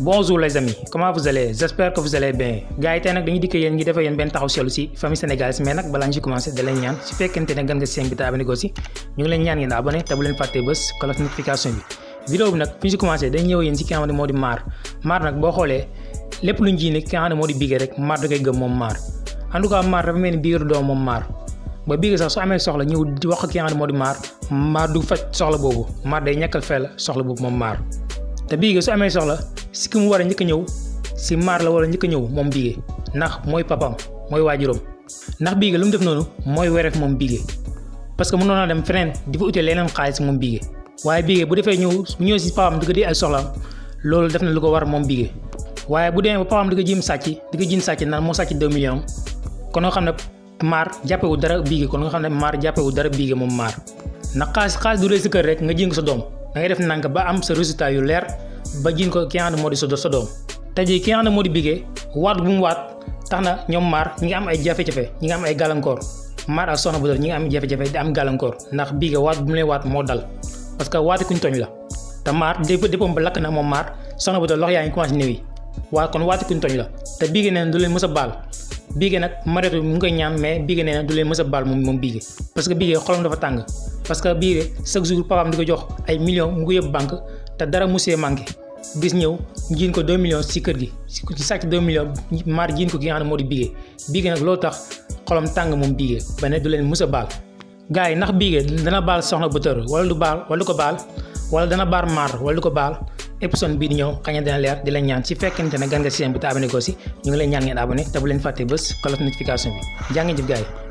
bon les amis comment vous allez j'espère que vous allez bien gars yi tey nag dañuy dikk yéen ngi defee yéen benn taxaw seetlu si famille sénégalaise mais nag balaa ñu ci commencé da ñaan su fekkente ne gan nga seen bi te abonné ko si ñu ngi leen ñaan ngeen abonné te bu leen fàttee bés cloche bi vidéo nag ñu si commencé dañ ñëw yéen si ki moo di maar maar nag boo xoolee lépp luñ ji ne ki nga moo di bigé rek maar da koy gëm moom maar en tout cas maar dafa mel amee soxla ñëw wax ki nga moo di maar maar du faj boobu maar day ñàkkal fee soxla boobu moom maar te Bigué su amee soxla si ki mu war a njëkk ñëw si maar la war a njëkk ñëw moom Bigué ndax mooy papaam mooy waajuram ndax Bigué lu mu def noonu mooy wereef moom Bigué parce que mënoon naa dem feneen di fa xaalis moom Bigué waaye Bigué bu defee ñëw bu ñëwee si papaam di ko loolu def na lu ko war moom Bigué waaye bu demee ba papaam di ko jiim sàcc di ko jiim sàcc naan moo sàcc 2 millions kon nga xam ne maar jàppewul dara Bigué kon nga xam ne maar jàppewul dara Bigué moom maar ndax xaalis xaalis du rëy si kër rek nga jéng sa doom da ngay def ndànk ba am sa résultat yu leer ba jiñ ko ki nga xam ne moo di sa doom tey jii ki nga xam ne moo di Bigué waat bu mu waat tax na ñoom maar ñi nga am ay jafe-jafe ñi nga am ay gàllankoor maar ak soxna bu dër ñi nga am jafe-jafe di am gàllankoor ndax Bigué waat bu mu leen waat moo dal parce que waati kuñ tooñ la te maar déppam ba lakk na moom maar soxna bu dër loxo yaa ngi commencé néew yi waaye kon waati kuñ tooñ la te Bigué neen du leen a Bigué nag Marietou mu ngi koy ñaan mais Bigué nee na du leen mës a baal moom moom Bigué parce que Bigué xolam dafa tàng parce que Bigué chaque jour papaam di ko jox ay millions mu ko yóbbu banque te dara musee manqué bis ñëw jiin ko 2 millions si kër gi si sàcc 2 millions maar jiin ko ki nga xam ne moo di Bigué Bigué nag loolu tax xolam tàng moom Bigué ba ne du leen mës a baal gars yi ndax Bigué dana baal soxna bu tër du baal wala du ko baal wala épisode bii di ñëw xaña dina leer di ñaan si fekkente ne gan nga si seen bi te abonné ko si ñu ngi leen ñaan ngeen abonné te bu leen fàtte bés cloche notification bi jaa ngeen jëf